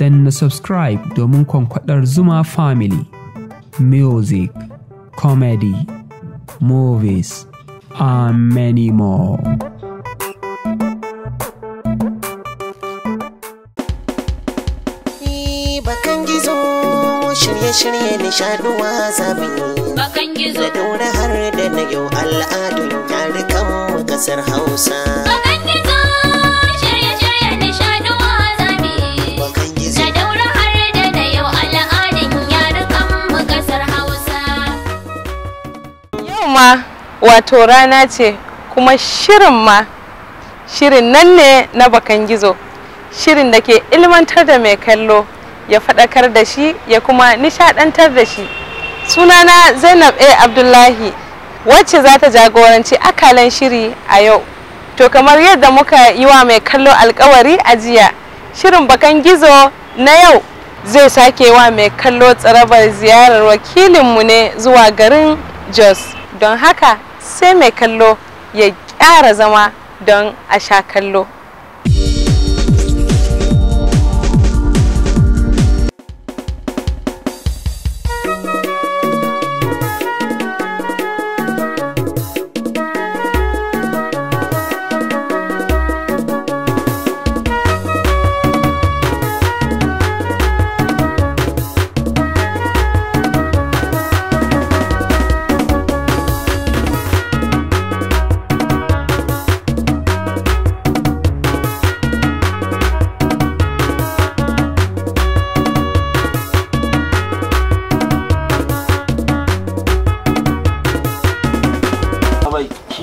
Dan na subscribe domin kwankwadar Zuma Family. Music, comedy, movies, and many more. Bakan gizo shirye-shirye nishaduwa zabi. Bakan gizo. Da dora har da na yau al'adun yarukan kasar Hausa. Bakan gizo. wato rana ce kuma shirin ma shirin nan ne na bakan gizo shirin da ke ilmantar da mai kallo ya faɗakar da shi ya kuma nishadantar da shi sunana zainab a abdullahi wacce za ta jagoranci akalan shiri a yau to kamar yadda muka yi wa mai kallo alkawari a jiya shirin bakan gizo na yau zai sake wa mai kallo tsarabar ziyarar wakilinmu ne zuwa garin jos don haka sai mai kallo ya ƙara zama don a sha kallo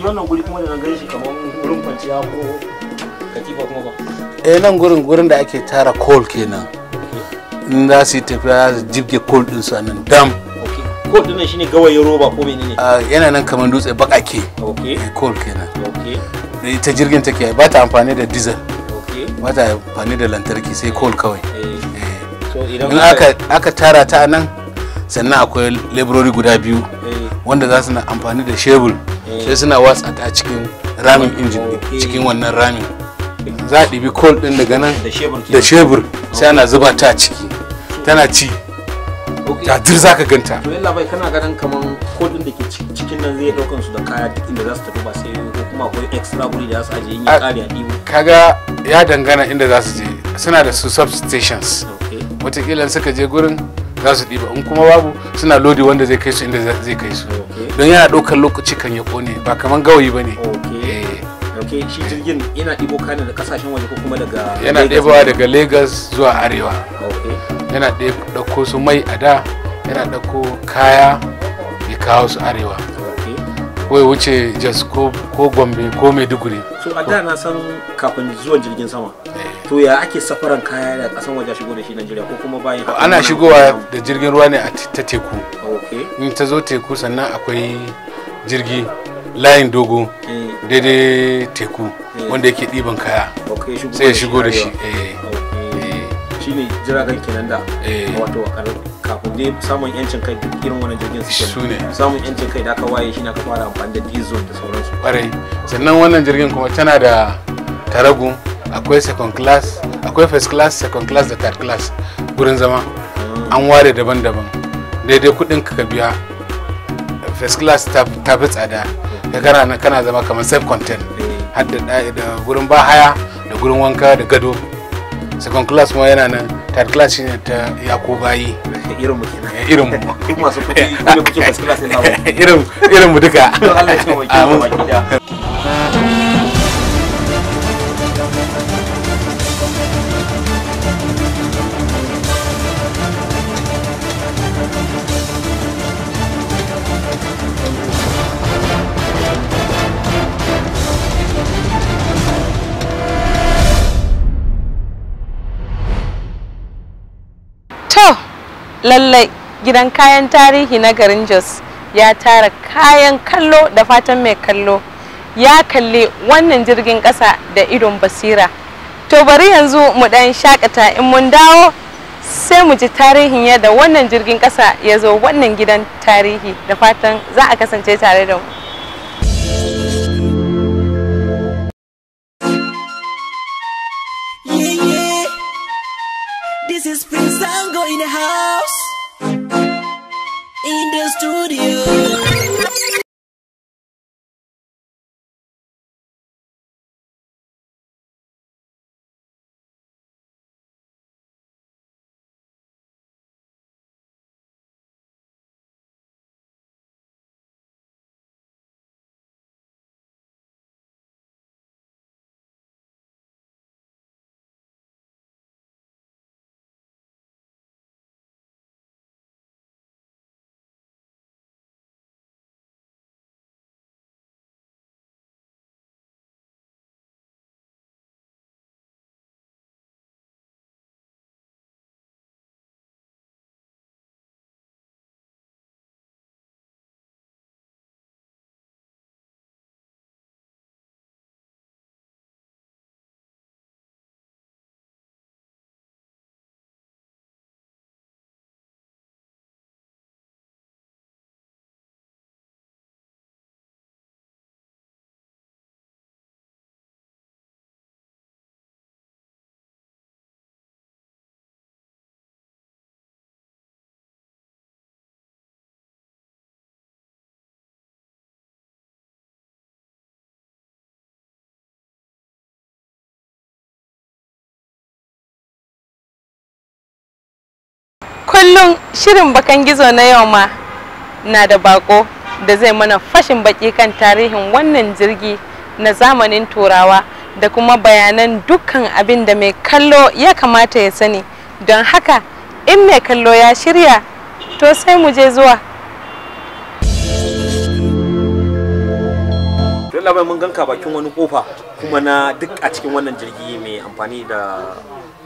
wannan guri kuma da gan shi kamar gurin kwanciya ko katifa kuma ba eh nan gurin gurin da ake tara coal kenan in za su yi tafiya su jibge coal din su nan dam coal din shine gawayin roba ko menene ah, yana nan kamar dutse bakake okay eh, coal kenan okay eh, ita jirgin take ba ta amfani da diesel ba ta amfani da lantarki sai coal kawai eh. in aka tara ta nan sannan akwai laborori guda biyu wanda za su na amfani da shebur sai suna watsa ta cikin ramin injin cikin wannan ramin za a ɗibi kol ɗin daga nan da shebur sai ana zuba ta ciki tana ci jajir za ka ganta to yalla bai kana ganin kaman kol ɗin da ke cikin nan zai ɗaukan su da kaya duk inda za su tafi ba sai ko kuma akwai extra guri da za su aje yin ya a ɗibo kaga ya dangana inda za su je suna da su substations watakila suka je gurin za su ɗiba in kuma babu suna lodi wanda zai kai su inda zai kai su don yana ɗaukar lokaci kan ya kone ba kamar gawayi ba ne eh. ok shi jirgin yana ɗibo kayan daga kasashen waje ko kuma daga yana ɗebowa daga lagos zuwa arewa yana ɗauko su mai a da yana ɗauko kaya ya kawo su arewa kawai wuce jos ko gombe ko maiduguri so a da na san kafin zuwan jirgin sama eh. to ya ake safaran kaya da kasan waje shigo da shi ko kuma bayan ana shigowa da jirgin ruwa ne ta teku in ta zo teku sannan akwai jirgi layin dogo eh. daidai teku eh. wanda yake ɗiban kaya sai shigo da shi eh. shine jiragen kenan da wato kafin dai samun ne samun yancin da aka waye shi na fara amfani da da sauransu kwarai sannan wannan jirgin kuma tana da taragu akwai second class akwai first class second class da third class gurin zama an ware daban-daban daidai kudin ka biya first class ta fi tsada ka kana kana zama kamar self content har da gurin ba haya da gurin wanka da gado second class ma yana nan third class shine ta ya ko bayi irin mu eh, irin mu masu kudi ne kuke first class ne irin irin mu duka Allah ya ci mu baki da lallai gidan kayan tarihi na garin jos ya tara kayan kallo da fatan mai kallo ya kalli wannan jirgin ƙasa da idon basira to bari yanzu mu ɗan shakata in mun dawo sai mu ji tarihin yadda wannan jirgin ƙasa ya zo wannan gidan tarihi da fatan za a kasance tare da mu This is Prince Tango in the house In the studio kullum shirin bakan gizo na yau ma na da bako da zai mana fashin baki kan tarihin wannan jirgi na zamanin turawa da kuma bayanan dukkan abin da mai kallo ya kamata ya sani don haka in mai kallo ya shirya to sai mu je zuwa labai mun ganka bakin wani kofa kuma na duk a cikin wannan jirgi mai amfani da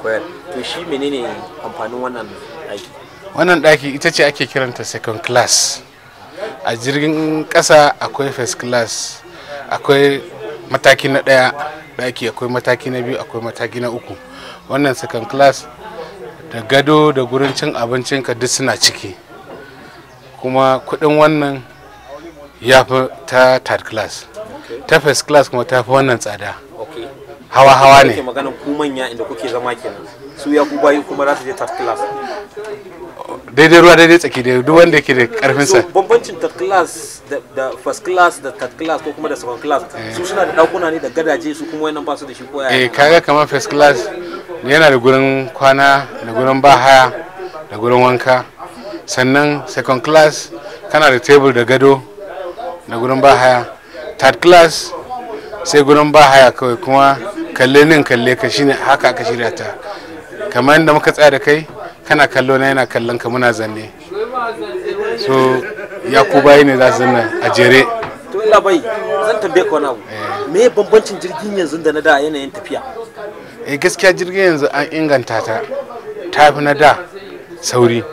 koyar to shi menene amfanin wannan wannan daki ita ce ake kiranta second class a jirgin kasa akwai first class akwai mataki na ɗaya daki akwai mataki na biyu akwai mataki na uku wannan second class da gado da gurin cin abincinka duk suna ciki kuma kuɗin wannan ya fi ta third class ta first class kuma ta fi wannan tsada hawa-hawa ne kuke zama kenan su yakubayi kuma za su je third class daidai ruwa daidai tsaki da duk wanda ke da karfin sa bambancin third class da first class da third class ko kuma da second class eh. su suna da dakuna ne da gadaje su kuma wannan ba su da shi ko eh kaga kamar first class yana da gurin kwana da gurin bahaya da gurin wanka sannan second class kana da table da gado da gurin bahaya third class sai gurin bahaya kawai kuma kalle nin kalle ka shine haka aka shirya ta kamar yadda muka tsaya da kai kana kallo na yana kallon ka muna zanne so ya ku bayi ne za su zanna a jere to illa bai zan tambaye ka wani abu eh. me bambancin jirgin yanzu da na da yanayin tafiya eh gaskiya jirgin yanzu an inganta ta ta fi na da sauri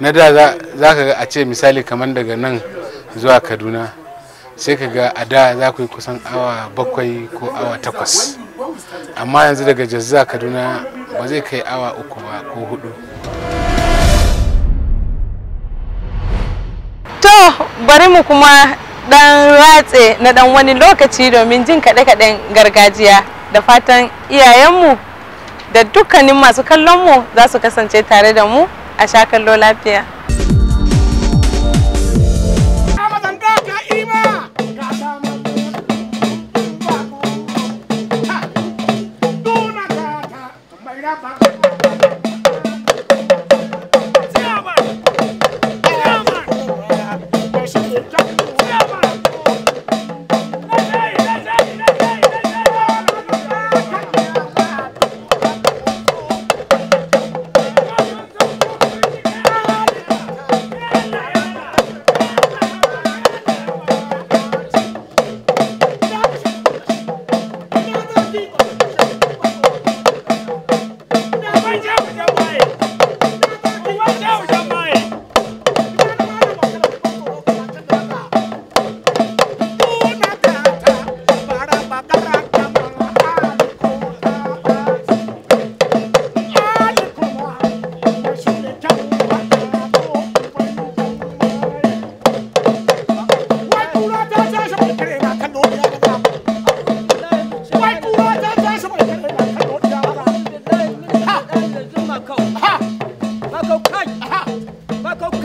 na da za ka ga a ce misali kamar daga nan zuwa kaduna sai ka ga a da za ku yi kusan awa bakwai ko awa takwas amma yanzu daga jazza kaduna ba zai kai awa uku ba ko hudu to bari mu kuma dan ratse na dan wani lokaci domin jin kaɗe-kaɗen gargajiya da fatan iyayenmu da dukkanin masu kallonmu za su kasance tare da mu a sha kallo lafiya.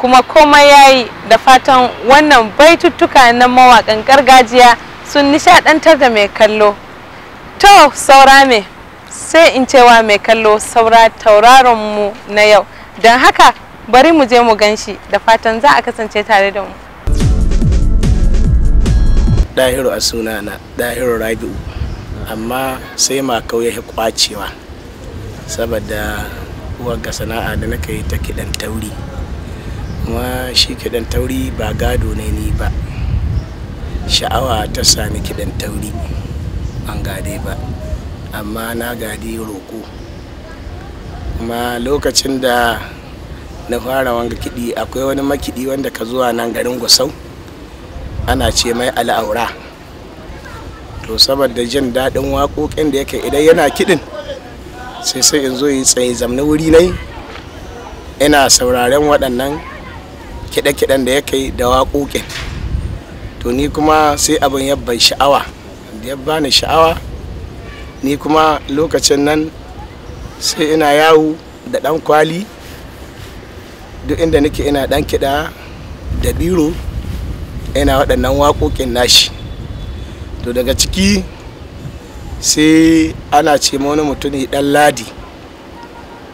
kuma komai yi da fatan wannan baituttuka na mawakan gargajiya sun nishaɗantar da mai kallo to saura me sai in cewa mai kallo saura tauraron mu na yau don haka bari mu je mu gan shi da fatan za a kasance tare da mu ɗahiru a suna na ɗahiru rabi'u amma sai ma kawai ya kwacewa saboda uwar ga sana'a da naka yi ta kiɗan tauri kuma shi kiɗan tauri ba gado ne ni ba sha'awa ta sami kiɗan tauri an gade ba amma na gade roƙo kuma lokacin da na fara wanga kiɗi akwai wani makiɗi wanda ka zuwa nan garin gusau ana ce mai al'aura to saboda jin daɗin waƙoƙin da yake idan yana kiɗin sai sai in zo yi tsaye zamna wuri nai ina sauraren waɗannan kiɗe-kiɗen da ya kai da waƙoƙin to ni kuma sai abin ya bai sha'awa da ya bani sha'awa ni kuma lokacin nan sai ina yawo da ɗan kwali duk inda nake ina ɗan kiɗa da biro ina waɗannan waƙoƙin nashi to daga ciki sai ana ce wani mutumi ɗan ladi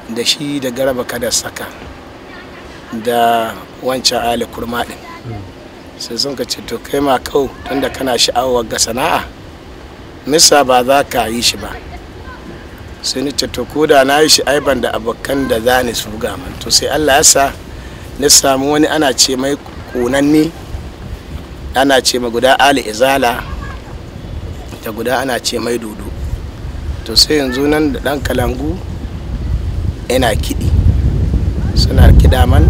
da shi da garaba kada saka da wancan ali kurma din sai sun ka ce to kai ma kau tunda kana sha'awar ga sana'a nisa ba za ka yi shi ba sai ni ce to ko da na yi shi aiban da abokan da za ni su buga man to sai Allah ya sa ni samu wani ana ce mai kunanni ana ce ma guda ali izala da guda ana ce mai dudu to sai yanzu nan da dan kalangu yana kiɗi suna kiɗa man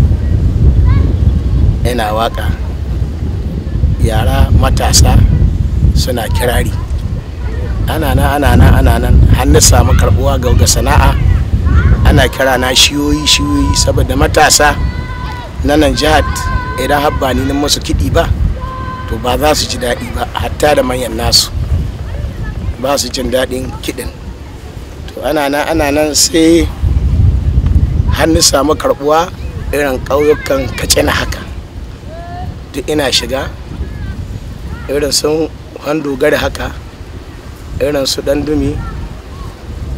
yana waka yara matasa suna kirari ana nan ana nan ana nan har na samu karbuwa ga sana'a ana kira na shiyoyi shiyoyi saboda matasa na nan jihar idan habbani ni nan musu kiɗi ba to ba za su ji daɗi ba hatta da manyan nasu ba su jin daɗin kiɗin to ana nan ana nan sai hannu samu karbuwa irin ƙauyukan kacina haka duk ina shiga irin sun handogari haka irin su dumi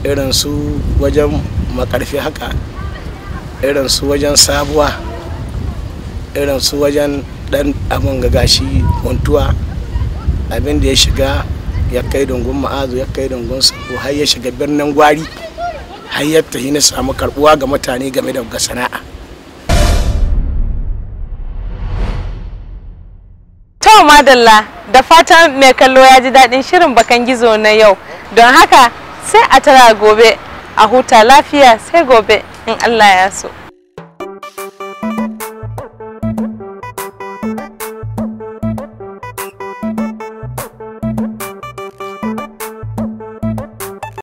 irin su wajen makarfi haka irin su wajen sabuwa irin su wajen dan abin gashi kuntuwa abin da ya shiga ya kai dungun ma'azu ya kai dungun sako har ya shiga birnin gwari har ya tahi na samu karbuwa ga mutane game da sana'a To madalla da fata mai kallo ya ji daɗin shirin bakan gizo na yau don haka sai a tara gobe a huta lafiya sai gobe in Allah ya so.